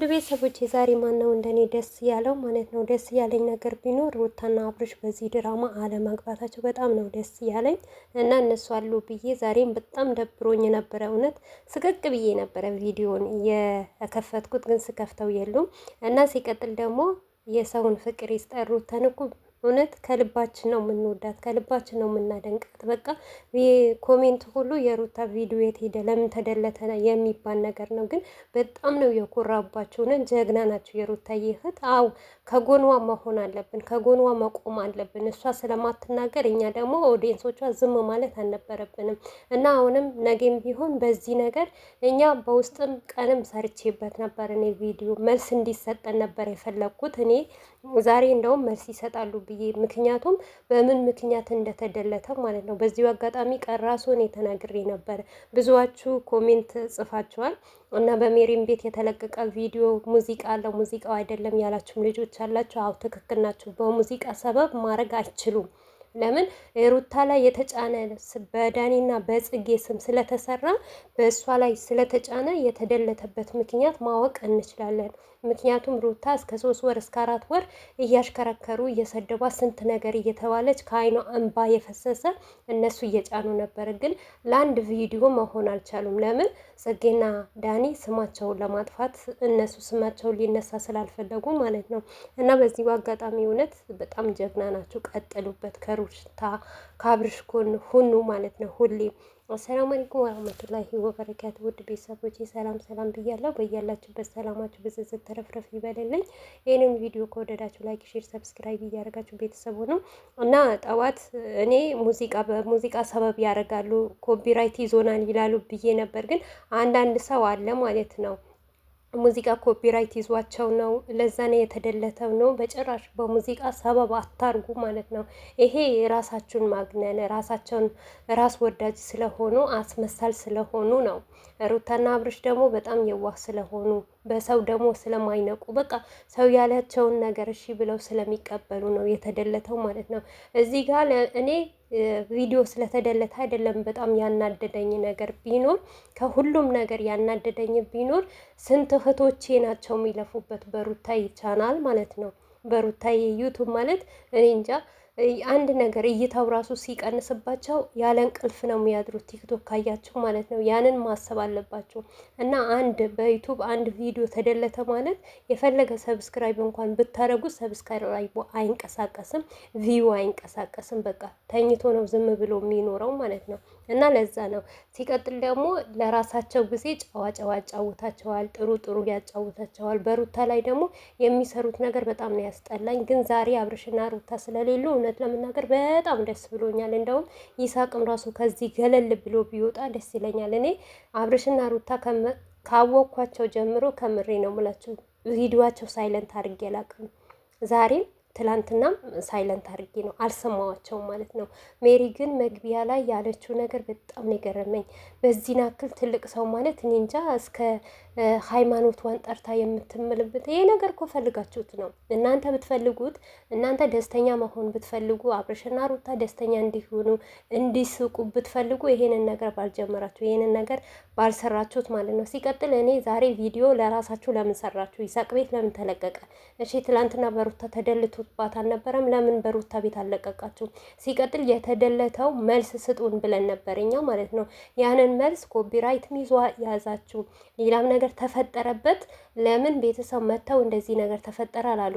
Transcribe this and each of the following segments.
ውድ ቤተሰቦች የዛሬ ማን ነው እንደኔ ደስ ያለው ማለት ነው። ደስ ያለኝ ነገር ቢኖር ሩታና አብርሽ በዚህ ድራማ አለመግባታቸው በጣም ነው ደስ ያለኝ እና እነሱ አሉ ብዬ ዛሬም በጣም ደብሮኝ ነበረ። እውነት ስቅቅ ብዬ ነበረ ቪዲዮን የከፈትኩት ግን ስከፍተው የሉም እና ሲቀጥል ደግሞ የሰውን ፍቅር ይስጠሩ ተንኩ እውነት ከልባችን ነው የምንወዳት፣ ከልባችን ነው የምናደንቃት። በቃ ኮሜንት ሁሉ የሩታ ቪዲዮ የት ሄደ፣ ለምን ተደለተ የሚባል ነገር ነው። ግን በጣም ነው የኮራባቸው። እውነት ጀግና ናቸው የሩታ ይህት። አው ከጎንዋ መሆን አለብን፣ ከጎንዋ መቆም አለብን። እሷ ስለማትናገር እኛ ደግሞ ኦዲየንሶቿ ዝም ማለት አልነበረብንም። እና አሁንም ነገም ቢሆን በዚህ ነገር እኛ በውስጥም ቀንም ሰርቼበት ነበር። እኔ ቪዲዮ መልስ እንዲሰጠን ነበር የፈለግኩት። እኔ ዛሬ እንደውም መልስ ይሰጣሉ ብዬ ምክንያቱም በምን ምክንያት እንደተደለተ ማለት ነው። በዚሁ አጋጣሚ ቀን ራሱን የተናግሬ ነበረ። ብዙዋችሁ ኮሜንት ጽፋችኋል እና በሜሪም ቤት የተለቀቀ ቪዲዮ ሙዚቃ አለው ሙዚቃው አይደለም ያላችሁም ልጆች አላችሁ። አው ትክክል ናችሁ። በሙዚቃ ሰበብ ማድረግ አይችሉም። ለምን ሩታ ላይ የተጫነ በዳኒና በጽጌ ስም ስለተሰራ በእሷ ላይ ስለተጫነ የተደለተበት ምክንያት ማወቅ እንችላለን። ምክንያቱም ሩታ እስከ ሶስት ወር እስከ አራት ወር እያሽከረከሩ እየሰደቧ ስንት ነገር እየተባለች ከአይኗ እንባ የፈሰሰ እነሱ እየጫኑ ነበር። ግን ለአንድ ቪዲዮ መሆን አልቻሉም። ለምን ጽጌና ዳኒ ስማቸውን ለማጥፋት እነሱ ስማቸውን ሊነሳ ስላልፈለጉ ማለት ነው። እና በዚህ በአጋጣሚ እውነት በጣም ጀግና ናቸው። ቀጥሉበት። ከሩታ ካብርሽ ጎን ሁኑ ማለት ነው ሁሌም አሰላሙ አለይኩም ወራህመቱላሂ ወበረካቱ። ውድ ቤተሰቦች ሰላም ሰላም ብያለሁ። በያላችሁበት ሰላማችሁ ብዝዝት ተረፍረፍ ይበልልኝ። ይህንም ቪዲዮ ከወደዳችሁ ላይክ፣ ሼር፣ ሰብስክራይብ እያደረጋችሁ ቤተሰቡ ሆነው እና ጠዋት እኔ ሙዚቃ በሙዚቃ ሰበብ ያደርጋሉ ኮፒራይት ይዞናል ይላሉ ብዬ ነበር። ግን አንዳንድ ሰው አለ ማለት ነው ሙዚቃ ኮፒራይት ይዟቸው ነው። ለዛ ነው የተደለተው ነው። በጭራሽ በሙዚቃ ሰበብ አታርጉ ማለት ነው። ይሄ ራሳችሁን ማግነን ራሳቸውን ራስ ወዳጅ ስለሆኑ አስመሳል ስለሆኑ ነው። ሩታና አብርሽ ደግሞ በጣም የዋህ ስለሆኑ በሰው ደግሞ ስለማይነቁ በቃ ሰው ያላቸውን ነገር እሺ ብለው ስለሚቀበሉ ነው የተደለተው ማለት ነው። እዚህ ጋር እኔ ቪዲዮ ስለተደለተ አይደለም። በጣም ያናደደኝ ነገር ቢኖር ከሁሉም ነገር ያናደደኝ ቢኖር ስንት እህቶቼ ናቸው የሚለፉበት በሩታይ ቻናል ማለት ነው። በሩታይ ዩቱብ ማለት እኔ እንጃ አንድ ነገር እይታው ራሱ ሲቀንስባቸው ያለ እንቅልፍ ነው የሚያድሩት። ቲክቶክ ካያችሁ ማለት ነው። ያንን ማሰብ አለባቸው እና አንድ በዩቱብ አንድ ቪዲዮ ተደለተ ማለት የፈለገ ሰብስክራይብ እንኳን ብታደረጉ ሰብስክራይቡ አይንቀሳቀስም፣ ቪዩ አይንቀሳቀስም። በቃ ተኝቶ ነው ዝም ብሎ የሚኖረው ማለት ነው። እና ለዛ ነው። ሲቀጥል ደግሞ ለራሳቸው ጊዜ ጨዋ ጨዋ ያጫውታቸዋል፣ ጥሩ ጥሩ ያጫውታቸዋል። በሩታ ላይ ደግሞ የሚሰሩት ነገር በጣም ነው ያስጠላኝ። ግን ዛሬ አብርሽና ሩታ ስለሌሉ እውነት ለመናገር በጣም ደስ ብሎኛል። እንደውም ይሳቅም ራሱ ከዚህ ገለል ብሎ ቢወጣ ደስ ይለኛል። እኔ አብርሽና ሩታ ካወቅኳቸው ጀምሮ ከምሬ ነው የምላቸው ቪዲዮቸው ሳይለንት አድርጌ አላቅም ዛሬም ትላንትናም ሳይለንት አድርጌ ነው አልሰማዋቸውም ማለት ነው። ሜሪ ግን መግቢያ ላይ ያለችው ነገር በጣም ነው የገረመኝ። በዚህን አክል ትልቅ ሰው ማለት እኔ እንጃ እስከ ሃይማኖቷን ጠርታ የምትምልበት ይሄ ነገር እኮ ፈልጋችሁት ነው እናንተ ብትፈልጉት እናንተ ደስተኛ መሆን ብትፈልጉ አብረሽና ሩታ ደስተኛ እንዲሆኑ እንዲስቁ ብትፈልጉ ይሄንን ነገር ባልጀመራችሁ ይሄንን ነገር ባልሰራችሁት ማለት ነው። ሲቀጥል እኔ ዛሬ ቪዲዮ ለራሳችሁ ለምን ሰራችሁ? ይሳቅ ቤት ለምን ተለቀቀ? እሺ ትላንትና በሩታ ተደልቶ ይለጥፉባት አልነበረም? ለምን በሩታ ቤት አለቀቃቸው? ሲቀጥል የተደለተው መልስ ስጡን ብለን ነበር እኛ ማለት ነው። ያንን መልስ ኮፒራይትም ይዟ ያዛችሁ፣ ሌላም ነገር ተፈጠረበት። ለምን ቤተሰብ መጥተው እንደዚህ ነገር ተፈጠረ አላሉ?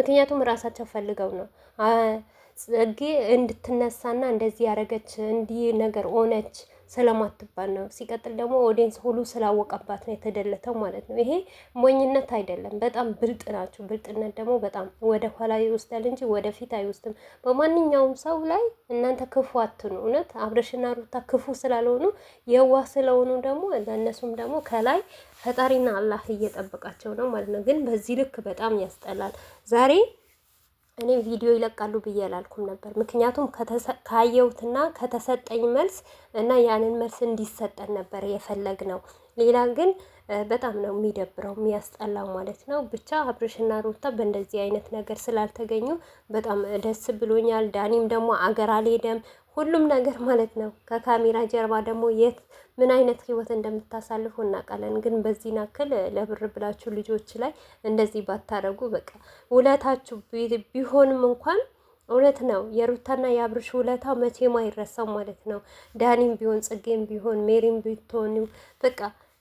ምክንያቱም ራሳቸው ፈልገው ነው። ጽጌ እንድትነሳና እንደዚህ ያደረገች እንዲህ ነገር ሆነች ስለማትባል ነው። ሲቀጥል ደግሞ ኦዲንስ ሁሉ ስላወቀባት ነው የተደለተው ማለት ነው። ይሄ ሞኝነት አይደለም። በጣም ብልጥ ናቸው። ብልጥነት ደግሞ በጣም ወደ ኋላ ይወስዳል እንጂ ወደፊት አይወስድም። በማንኛውም ሰው ላይ እናንተ ክፉ አትኑ። እውነት አብረሽና ሩታ ክፉ ስላልሆኑ የዋ ስለሆኑ ደግሞ ለእነሱም ደግሞ ከላይ ፈጣሪና አላህ እየጠበቃቸው ነው ማለት ነው። ግን በዚህ ልክ በጣም ያስጠላል ዛሬ እኔ ቪዲዮ ይለቃሉ ብዬ አላልኩም ነበር። ምክንያቱም ካየሁትና ከተሰጠኝ መልስ እና ያንን መልስ እንዲሰጠን ነበር የፈለግ ነው። ሌላ ግን በጣም ነው የሚደብረው የሚያስጠላው ማለት ነው። ብቻ አብርሽና ሩታ በእንደዚህ አይነት ነገር ስላልተገኙ በጣም ደስ ብሎኛል። ዳኒም ደግሞ አገር አልሄደም ሁሉም ነገር ማለት ነው። ከካሜራ ጀርባ ደግሞ የት ምን አይነት ህይወት እንደምታሳልፉ እናውቃለን። ግን በዚህ ናክል ለብር ብላችሁ ልጆች ላይ እንደዚህ ባታደረጉ በቃ ውለታችሁ ቢሆንም እንኳን እውነት ነው። የሩታና የአብርሽ ውለታ መቼም አይረሳም ማለት ነው። ዳኒም ቢሆን ጽጌም ቢሆን ሜሪም ብትሆኑ በቃ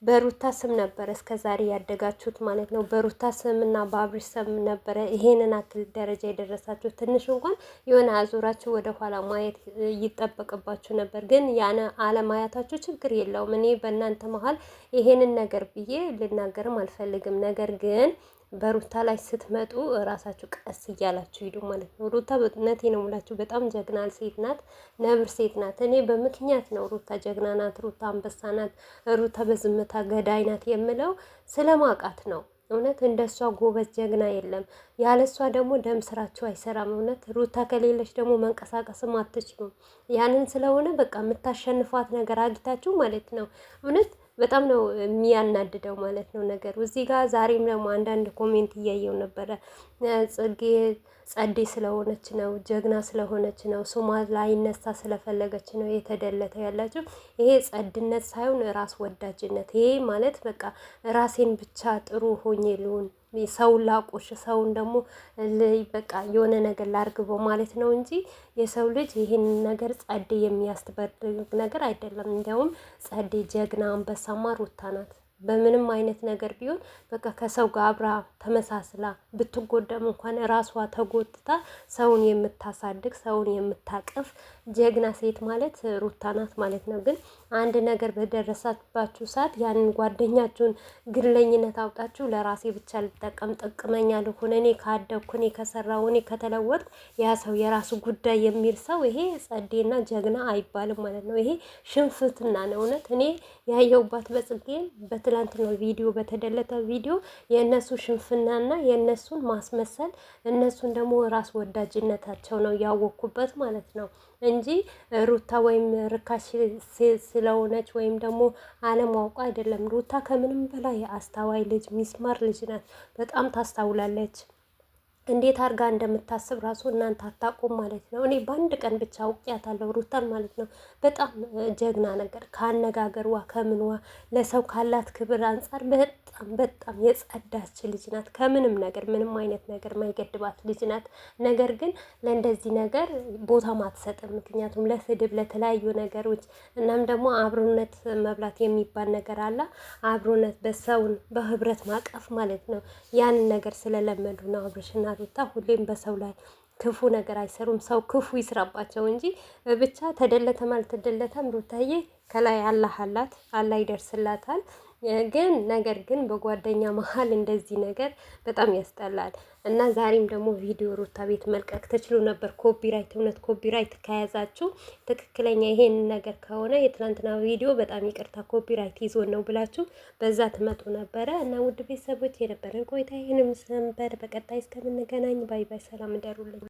በሩታ ስም ነበረ እስከ ዛሬ ያደጋችሁት ማለት ነው። በሩታ ስም እና በአብሪ ስም ነበረ ይሄንን አክል ደረጃ የደረሳችሁ። ትንሽ እንኳን የሆነ አዙራችሁ ወደ ኋላ ማየት ይጠበቅባችሁ ነበር፣ ግን ያነ አለማየታችሁ ችግር የለውም። እኔ በእናንተ መሀል ይሄንን ነገር ብዬ ልናገርም አልፈልግም። ነገር ግን በሩታ ላይ ስትመጡ እራሳችሁ ቀስ እያላችሁ ሂዱ ማለት ነው። ሩታ በእውነቴ ነው የምላችሁ፣ በጣም ጀግና ሴት ናት፣ ነብር ሴት ናት። እኔ በምክንያት ነው ሩታ ጀግና ናት፣ ሩታ አንበሳ ናት፣ ሩታ በዝምታ ገዳይ ናት የምለው ስለማውቃት ነው። እውነት እንደሷ ጎበዝ ጀግና የለም። ያለሷ ደግሞ ደም ስራችሁ አይሰራም። እውነት ሩታ ከሌለች ደግሞ መንቀሳቀስም አትችሉም። ያንን ስለሆነ በቃ የምታሸንፏት ነገር አግኝታችሁ ማለት ነው እውነት በጣም ነው የሚያናድደው ማለት ነው ነገሩ። እዚህ ጋር ዛሬም ደግሞ አንዳንድ ኮሜንት እያየው ነበረ ጽጌ ጸዴ ስለሆነች ነው ጀግና ስለሆነች ነው ስሟ ላይነሳ ስለፈለገች ነው የተደለተው ያላችሁ። ይሄ ጸድነት ሳይሆን ራስ ወዳጅነት። ይሄ ማለት በቃ ራሴን ብቻ ጥሩ ሆኜ ልሁን ሰውን ላቆሽ ሰውን ደግሞ በቃ የሆነ ነገር ላርግበው ማለት ነው እንጂ የሰው ልጅ ይህን ነገር ጸዴ የሚያስተበርግ ነገር አይደለም። እንዲያውም ጸዴ ጀግና አንበሳማ ሩታ ናት። በምንም አይነት ነገር ቢሆን በቃ ከሰው ጋር አብራ ተመሳስላ ብትጎዳም እንኳን ራሷ ተጎትታ ሰውን የምታሳድግ ሰውን የምታቅፍ ጀግና ሴት ማለት ሩታ ናት ማለት ነው። ግን አንድ ነገር በደረሳባችሁ ሰዓት ያንን ጓደኛችሁን ግለኝነት አውጣችሁ ለራሴ ብቻ ልጠቀም ጠቅመኛ ልሁን፣ እኔ ካደግኩ፣ እኔ ከሰራው፣ እኔ ከተለወጥኩ ያ ሰው የራሱ ጉዳይ የሚል ሰው ይሄ ጸዴና ጀግና አይባልም ማለት ነው። ይሄ ሽንፍትና ነው። እውነት እኔ ያየውባት በጽጌም በትላንትናው ቪዲዮ በተደለተ ቪዲዮ የእነሱ ሽንፍናና የእነሱን ማስመሰል እነሱን ደግሞ ራስ ወዳጅነታቸው ነው ያወቅኩበት ማለት ነው። እንጂ ሩታ ወይም ርካሽ ስለሆነች ወይም ደግሞ አለማውቁ አይደለም። ሩታ ከምንም በላይ አስታዋይ ልጅ፣ ሚስማር ልጅ ናት። በጣም ታስታውላለች። እንዴት አድርጋ እንደምታስብ ራሱ እናንተ አታውቁም ማለት ነው። እኔ በአንድ ቀን ብቻ አውቄያታለሁ ሩታን ማለት ነው። በጣም ጀግና ነገር ከአነጋገርዋ ከምንዋ ለሰው ካላት ክብር አንጻር በጣም በጣም የጸዳች ልጅ ናት። ከምንም ነገር ምንም አይነት ነገር ማይገድባት ልጅ ናት። ነገር ግን ለእንደዚህ ነገር ቦታ ማትሰጥም፣ ምክንያቱም ለስድብ ለተለያዩ ነገሮች እናም ደግሞ አብሮነት መብላት የሚባል ነገር አለ። አብሮነት በሰውን በህብረት ማቀፍ ማለት ነው። ያንን ነገር ስለለመዱ ነው አብረሽና ሩታ ሁሌም በሰው ላይ ክፉ ነገር አይሰሩም። ሰው ክፉ ይስራባቸው እንጂ ብቻ ተደለተም አልተደለተም ሩታዬ ከላይ አላህ አላት፣ አላህ ይደርስላታል። ግን ነገር ግን በጓደኛ መሀል እንደዚህ ነገር በጣም ያስጠላል እና ዛሬም ደግሞ ቪዲዮ ሩታ ቤት መልቀቅ ትችሉ ነበር። ኮፒራይት እውነት ኮፒራይት ከያዛችሁ ትክክለኛ ይሄን ነገር ከሆነ የትናንትና ቪዲዮ በጣም ይቅርታ ኮፒራይት ይዞን ነው ብላችሁ በዛ ትመጡ ነበረ እና ውድ ቤተሰቦች የነበረን ቆይታ ይህንም ሰንበር በቀጣይ እስከምንገናኝ ባይ ባይ፣ ሰላም እደሩልኝ።